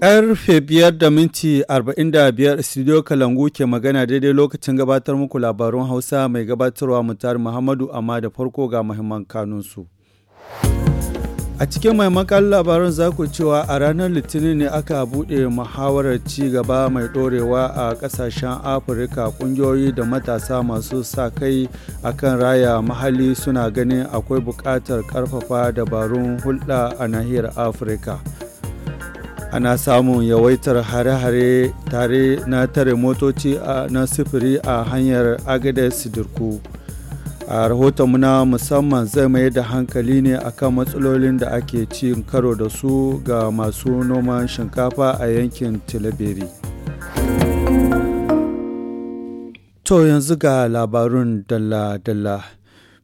Karfe biyar da minti arba'in da biyar Studio Kalangu ke magana daidai lokacin gabatar muku labarun Hausa mai gabatarwa mutar Muhammadu amma da farko ga muhimman kanunsu. A cikin maimakon labarin za ku cewa a ranar Litinin ne aka buɗe muhawarar ci gaba mai ɗorewa a ƙasashen Afirka ƙungiyoyi da matasa masu sa kai a kan raya mahalli suna ganin akwai buƙatar ƙarfafa dabarun hulɗa a nahiyar Afirka. Ana samun yawaitar hare-hare tare na tare motoci na sufuri a hanyar Agades Dirku. a rahotonmu na musamman zai mai da hankali ne akan matsalolin da ake cin karo da su ga masu noman shinkafa a yankin tilaberi to yanzu ga labarun dalla-dalla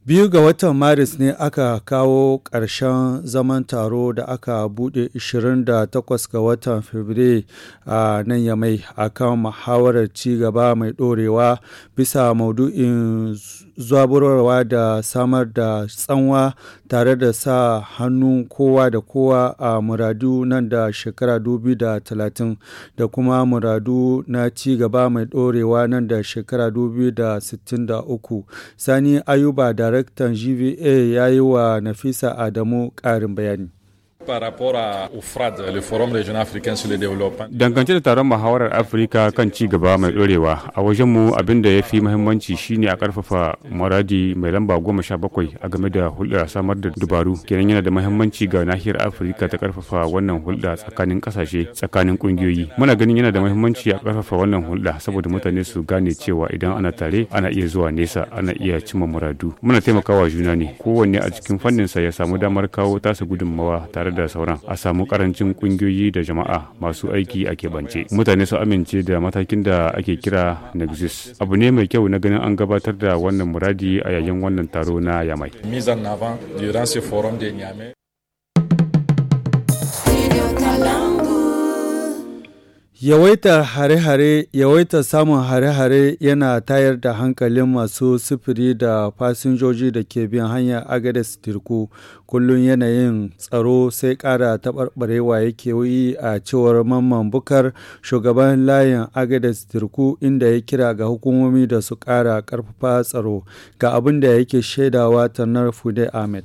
biyu ga watan maris ne aka kawo ƙarshen zaman taro da aka buɗe 28 ga watan fabrairu a nan yamai kan muhawarar ci gaba mai ɗorewa bisa maudu'in zaburarwa da samar da tsanwa tare da sa hannu kowa da kowa a muradu nan da shekara 2030 da kuma muradu na ci gaba mai ɗorewa nan da shekara 2063 sani ayuba daraktan gva ya yi wa nafisa adamu ƙarin bayani Dangance da taron muhawarar Afirka kan ci gaba mai dorewa a wajen mu abin da ya fi muhimmanci shine a karfafa muradi mai lamba goma sha bakwai a game da hulɗar samar da dubaru. Kenan yana da muhimmanci ga nahiyar Afirka ta ƙarfafa wannan hulɗa tsakanin ƙasashe, tsakanin ƙungiyoyi. Muna ganin yana da muhimmanci a karfafa wannan hulɗa saboda mutane su gane cewa idan ana tare ana iya zuwa nesa, ana iya cimma muradu. Muna taimakawa juna ne, kowanne a cikin fanninsa ya samu damar kawo tasa gudunmawa tare da da sauran a samu karancin kungiyoyi da jama'a masu aiki a keɓance mutane su amince da matakin da ake kira nexus abu ne mai kyau na ganin an gabatar da wannan muradi a yayin wannan taro na yamai mise en avant durant ce forum de Niamey. Yawaitar hare-hare, yawaitar samun hare-hare yana tayar da hankalin masu sufuri da fasinjoji da ke bin hanyar Agadis Tirku. Kullum yanayin tsaro sai ƙara taɓarɓarewa yake yi a cewar Mamman Bukar, shugaban layin Agadis Tirku inda ya kira ga hukumomi da su kara ƙarfafa tsaro ga abin da yake shaidawa ta Fude Ahmed.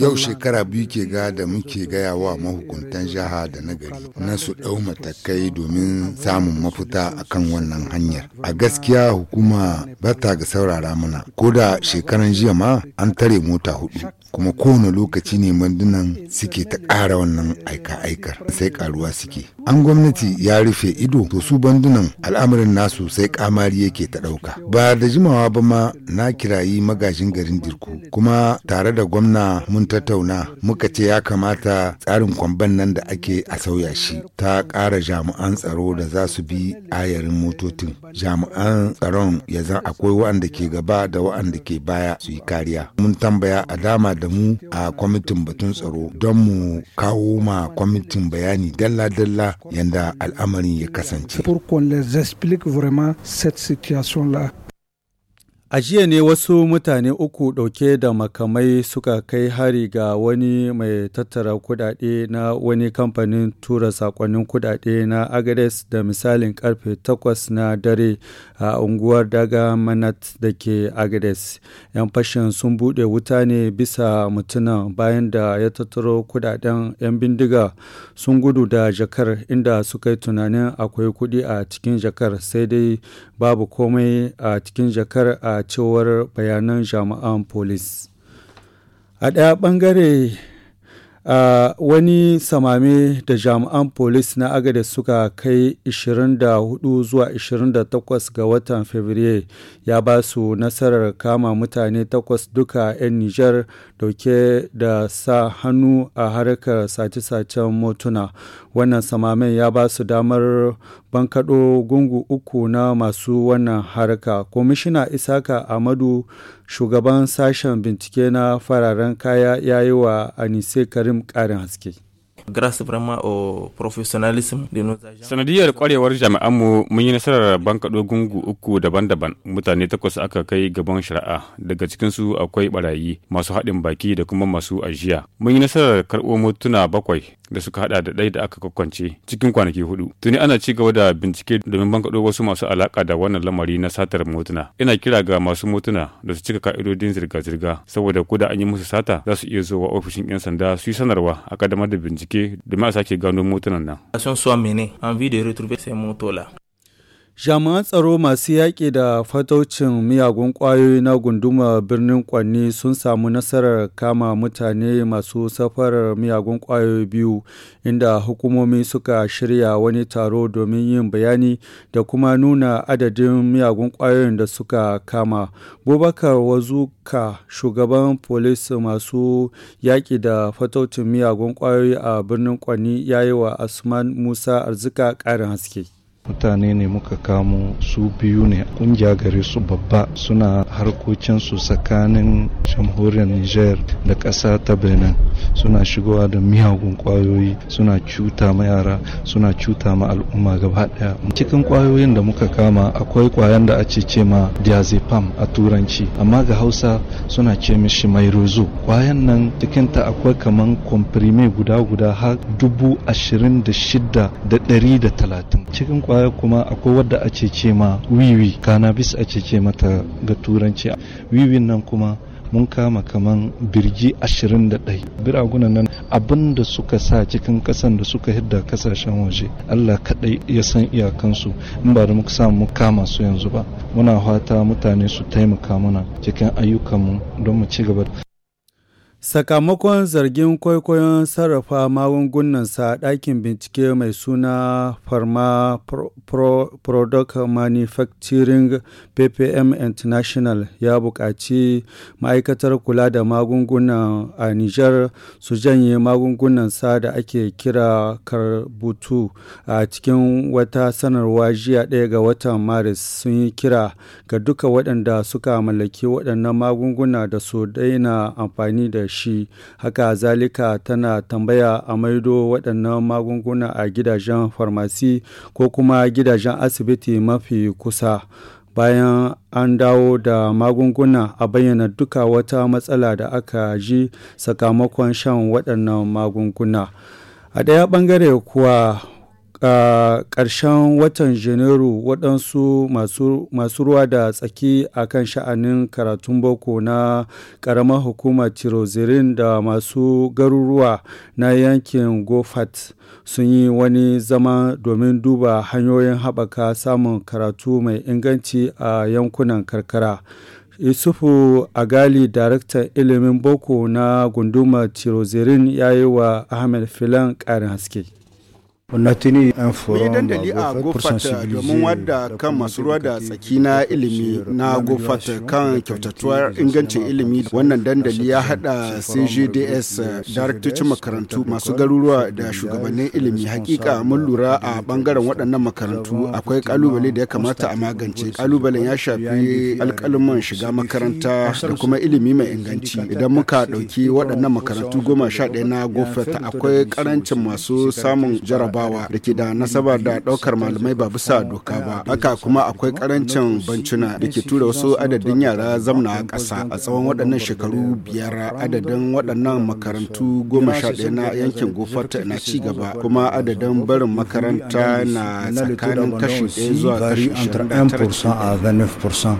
Yau shekara biyu ke ga da muke gaya wa mahukuntan jiha da nagari na su ɗau matakai domin samun mafita a kan wannan hanyar. A gaskiya hukuma ba ta ga saurara mana, ko da shekaran jiya ma an tare mota hudu. kuma kowane lokaci ne mandunan suke ta ƙara wannan aika-aikar sai karuwa suke an gwamnati ya rufe ido to su bandunan al'amarin nasu sai kamari yake ta ɗauka ba da jimawa ba ma na kirayi magajin garin dirku kuma tare da gwamna mun tattauna muka ce ya kamata tsarin kwamban nan da ake a sauya shi ta ƙara jami'an tsaro da za su bi ayarin motocin jami'an tsaron ya akwai wa'anda ke gaba da wa'anda ke baya su yi kariya mun tambaya a dama da mu a kwamitin batun tsaro don mu kawo ma kwamitin bayani dalla-dalla yadda al'amarin ya kasance. A jiya ne wasu mutane uku ɗauke da makamai suka kai hari ga wani mai tattara kudade na wani kamfanin tura sakonnin kudade na Agades da misalin karfe takwas na dare a unguwar Daga Manat da ke Agades. 'Yan fashin sun buɗe wuta ne bisa mutuna bayan da ya tattaro kudaden 'yan bindiga sun gudu da jakar inda suka yi tunanin akwai kuɗi a cikin jakar sai dai babu komai a cikin jakar a a cewar bayanan jami'an polis a ɗaya ɓangare a wani samame da jami'an polis na agada suka kai 24 zuwa 28 ga watan fabrier ya ba su nasarar kama mutane takwas duka 'yan nijar dauke da sa hannu a harkar sace-sacen motuna wannan samamen ya ba su damar bankaɗo gungu uku na masu wannan harka. Kwamishina Isaka Amadu shugaban sashen bincike na fararen kaya ya yi wa Anise Karim ƙarin haske. Sanadiyar kwarewar jami'anmu mun yi nasarar bankaɗo gungu uku daban-daban mutane takwas aka kai gaban shari'a daga cikinsu akwai barayi masu haɗin baki da kuma masu ajiya. Mun yi nasarar karɓo motuna bakwai da suka hada da ɗaya da aka kwakwance cikin kwanaki hudu. Tuni ana ci gaba da bincike domin bankaɗo wasu masu alaƙa da wannan lamari na satar motuna. Ina kira ga masu motuna da su cika ka'idodin zirga-zirga saboda ko da an yi musu sata za su iya zuwa ofishin 'yan sanda su yi sanarwa a kadamar da bincike domin a sake gano motunan nan. Sun suwa mene an bi da retrouver ces motos la. Jami'an tsaro masu yaƙi da fataucin miyagun ƙwayoyi na gunduma birnin Kwanni sun samu nasarar kama mutane masu safarar miyagun ƙwayoyi biyu, inda hukumomi suka shirya wani taro domin yin bayani da kuma nuna adadin miyagun ƙwayoyin da suka kama. Bubakar Wazuka, shugaban polis masu yaƙi da fataucin miyagun ƙwayoyi a birnin Kwanni, ya yi wa Asman Musa Arzika ƙarin haske. mutane ne muka kamo su biyu ne kungiya gare su babba suna harkokinsu tsakanin jamhuriyar niger da ƙasa ta benin suna shigowa da miyagun kwayoyi suna cuta ma yara suna cuta ma al'umma gaba daya cikin kwayoyin da muka kama akwai kwayan da ake ce ma diazepam a turanci amma ga hausa suna ce mishi rozo. kwayan nan cikin ta akwai kaman komprime guda guda har dubu ashirin da shida da ɗari da talatin cikin kwaya kuma akwai wadda ake ce ma wiwi cannabis ake ce mata ga turanci wiwin nan kuma mun kama kaman birgi 21 biragunan nan abin da suka sa cikin kasan da suka hidda kasashen waje allah kadai ya san iyakansu in ba da muka samu mu kama su yanzu ba muna fata mutane su taimaka mana cikin ayyukanmu don mu ci gaba Sakamakon zargin kwaikwayon sarrafa magungunansa ɗakin bincike mai suna Pharma Product Manufacturing PPM International ya buƙaci ma'aikatar kula da magungunan a niger su janye magungunansa da ake kira karbutu a cikin wata sanarwa jiya ɗaya ga watan Maris sun yi kira ga duka waɗanda suka mallaki waɗannan magunguna da su daina amfani da shi haka zalika tana tambaya a maido waɗannan magunguna a gidajen farmasi ko kuma gidajen asibiti mafi kusa bayan an dawo da magunguna a bayyana duka wata matsala da aka ji sakamakon shan waɗannan magunguna a ɗaya ɓangare kuwa a ƙarshen watan janairu waɗansu masu ruwa da tsaki a kan sha'anin karatun boko na ƙaramar hukumar tirozirin da masu garuruwa na yankin gofat sun yi wani zama domin duba hanyoyin haɓaka samun karatu mai inganci a yankunan karkara yusufu agali daraktan ilimin boko na gundumar tirozirin ya yi wa ahmed filan ƙarin haske ma dandali a Gofat domin wadda kan masu ruwa da tsaki na ilimi na gofata kan kyautatuwar ingancin ilimi wannan dandali ya hada CGDS daraktocin makarantu masu garuruwa da shugabannin ilimi hakika mun lura a bangaren waɗannan makarantu akwai kalubale da ya kamata a magance kalubalen ya shafi alkalman shiga makaranta da kuma ilimi mai inganci idan muka ɗauki waɗannan makarantu goma sha ɗaya na gofata akwai karancin masu samun jaraba jarabawa da ke da nasaba da ɗaukar malamai ba bisa doka ba haka kuma akwai karancin bancuna da ke tura wasu adadin yara zamna a ƙasa a tsawon waɗannan shekaru biyar adadin waɗannan makarantu goma sha ɗaya na yankin gofarta na ci gaba kuma adadin barin makaranta na tsakanin kashi ɗaya zuwa kashi 29%.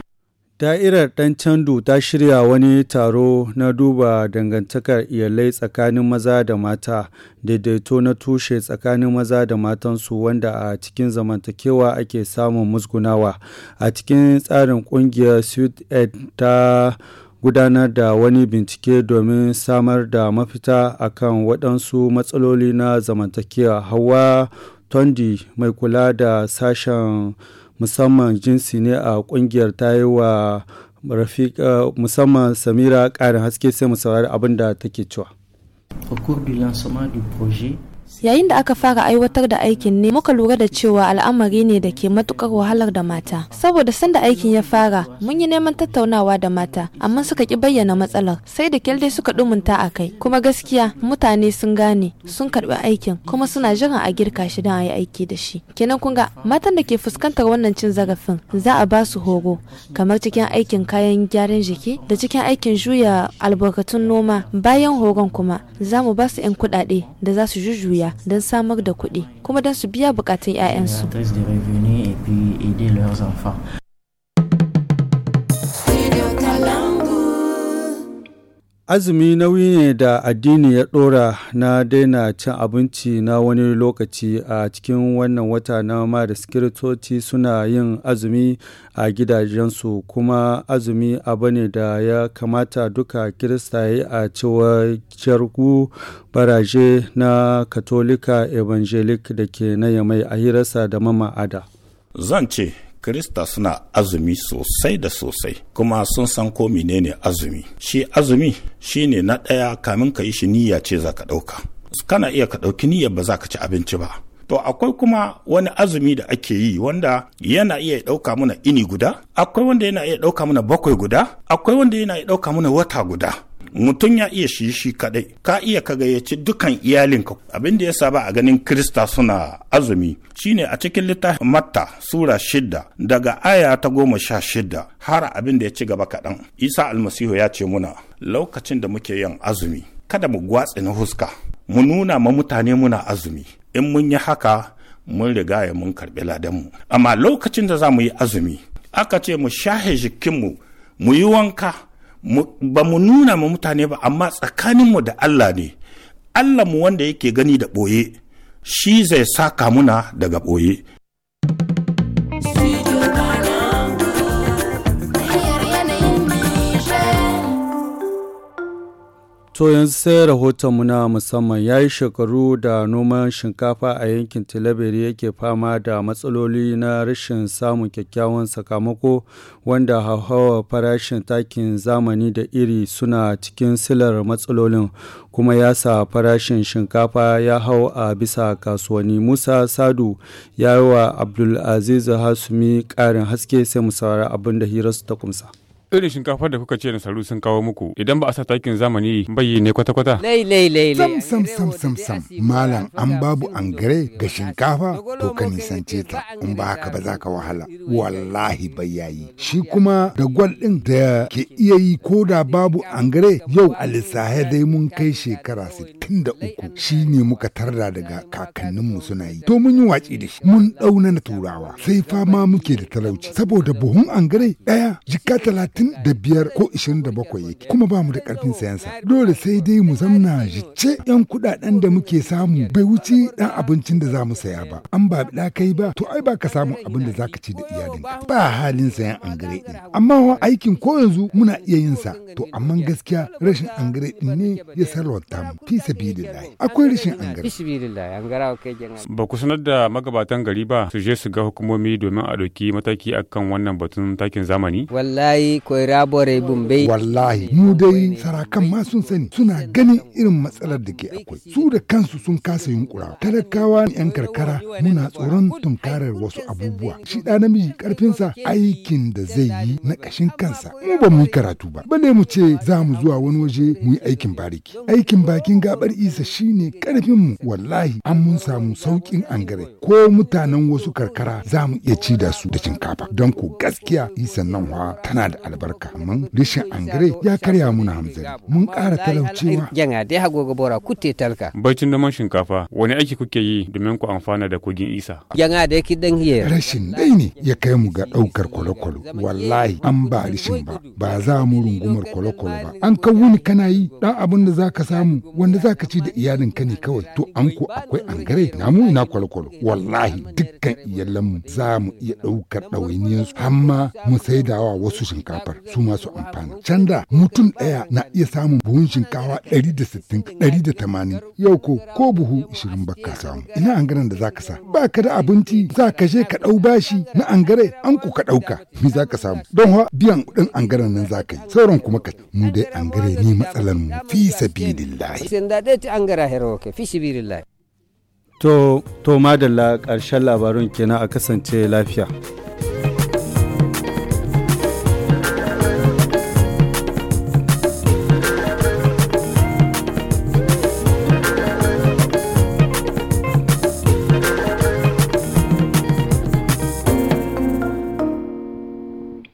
Da'irar Ɗan Candu ta shirya wani taro na duba dangantakar iyalai tsakanin maza da mata, daidaito na tushe tsakanin maza da matansu wanda a cikin zamantakewa ake samun musgunawa. A cikin tsarin ƙungiyar Sweet Ed ta gudanar da wani bincike domin samar da mafita akan waɗansu matsaloli na zamantakewa. Hawa Tondi mai kula da sashen musamman jinsi ne a ƙungiyar ta yi wa eh, musamman Samira ƙarin haske sai mu saurari abin da take cewa. Au du projet, Yayin da aka fara aiwatar da aikin ne muka lura da cewa al'amari ne da ke matukar wahalar da mata. Saboda sanda aikin ya fara mun yi neman tattaunawa da mata amma suka ki bayyana matsalar sai da kyalde suka dumunta a kai. Kuma gaskiya mutane sun gane sun karbi aikin kuma suna jiran a girka shi don a yi aiki da shi. Kenan kun ga matan da ke fuskantar wannan cin zarafin za a ba su horo kamar cikin aikin kayan gyaran jiki da cikin aikin juya albarkatun noma bayan horon kuma za mu ba su 'yan kuɗaɗe da za su jujjuya don samar da kuɗi kuma don su biya bukatun 'ya'yansu. Azumi nauyi ne da addini ya ɗora na daina cin abinci na wani lokaci a cikin wannan wata na Maris Kiristoci suna yin azumi a gidajensu kuma azumi abu ne da ya kamata duka yi a cewar jargu baraje na Katolika Evangelic da ke na yamai a hirarsa da mama ada. Zan ce Krista suna azumi sosai da sosai kuma sun san ko menene azumi. Shi azumi shi ne na ɗaya kamin ka yi shi niyya ce za ka ɗauka. Kana iya ka ɗauki niyya ba za ka ci abinci ba. To akwai kuma wani azumi da ake yi wanda yana iya ɗauka mana ini guda, akwai wanda yana iya ɗauka mana bakwai guda, akwai wanda yana iya ɗauka mana wata guda. mutum ya iya shi shi kadai ka iya ka gayyaci dukan iyalinka abin da ya saba a ganin krista suna azumi shine a cikin littafin matta sura shidda daga aya ta goma sha shidda har abin da ya ci gaba kaɗan isa almasihu ya ce muna lokacin da muke yin azumi kada mu gwatsi na huska mu nuna ma mutane muna azumi in mun yi haka mun riga ya mun karɓi ladanmu amma lokacin da za mu yi azumi aka ce mu shahe jikinmu mu yi wanka ba mu nuna ma mutane ba amma tsakaninmu da Allah ne Allah mu wanda yake gani da ɓoye shi zai saka muna daga ɓoye To yanzu sai rahotonmu na musamman ya yi shekaru da noman shinkafa a yankin Tilaberi yake fama da matsaloli na rashin samun kyakkyawan sakamako wanda hauhawar farashin takin zamani da iri suna cikin silar matsalolin kuma ya sa farashin shinkafa ya hau a bisa kasuwanni. Musa Sadu ya yi wa Abdulaziz Hasumi ƙarin haske sai mu saurari abin da hirarsu ta kumsa. irin shinkafar da kuka ce saru sun kawo muku idan ba a sa takin zamani bai ne kwata-kwata. Sam sam sam sam sam malam an babu angare ga shinkafa to ka nisance ta in ba haka ba za ka wahala wallahi bai yayi shi kuma da gwal din da ke iya yi ko da babu angare yau a lissahe dai mun kai shekara da sittin uku. shi ne muka tarda daga kakanninmu suna yi to mun yi watsi da shi mun ɗauna na turawa sai fama muke da talauci saboda buhun angare ɗaya jika talatin talatin da biyar ko ishirin da bakwai yake kuma ba mu da karfin sayansa dole sai dai mu zamna jice yan kudaden da muke samu bai wuce dan abincin da za mu saya ba an ba da kai ba to ai ba ka samu abin da za ka ci da iyalinka ba halin sayan angare din amma aikin ko yanzu muna iya yin sa to amma gaskiya rashin angare din ne ya sarwata mu fi sabilillah akwai rashin angare ba ku sanar da magabatan gari ba su je su ga hukumomi domin a doki mataki akan wannan batun takin zamani wallahi rabore bumbai wallahi mu dai sarakan ma sun sani suna ganin irin matsalar da ke akwai su da kansu sun kasa yunkura talakawa yan karkara muna tsoron tunkarar wasu abubuwa shi da namiji karfinsa aikin da zai yi na kashin kansa mu ba mu yi karatu ba bale mu ce za mu zuwa wani waje mu yi aikin bariki aikin bakin gabar isa shine karfin mu wallahi an mun samu saukin angare ko mutanen wasu karkara za mu iya ci da su da shinkafa don ku gaskiya isa nan tana da albarka albarka man rishin angare ya karya muna hamzari mun kara talaucewa. Yana dai hagogo bora kutte talka. Bacin noman shinkafa wani aiki kuke yi domin ku amfana da kogin isa. Yana da yake dan hiyar Rashin dai ne ya kai mu ga ɗaukar kwalokwalo wallahi an ba rishin ba ba za mu rungumar kwalokwalo ba an ka wuni kana yi ɗan abin da zaka samu wanda za ka ci da ka ne kawai to an ko akwai angare na mu ina kwalokwalo wallahi dukkan iyalan mu. za mu iya ɗaukar ɗawainiyarsu har ma mu saidawa wasu shinkafa. su masu amfani. Can da mutum ɗaya na iya samun buhun shinkawa 160 tamanin yau ko ko buhu 20 baka samu. Ina angaren da za ka sa ba ka da abinci za ka je ka ɗau bashi na gare an ku ka ɗauka mi za ka samu. Don ha biyan kuɗin angaren nan za ka yi sauran kuma ka mu dai gare ni matsalar mu fi sabilillahi. To, to madalla ƙarshen labarun kenan a kasance lafiya.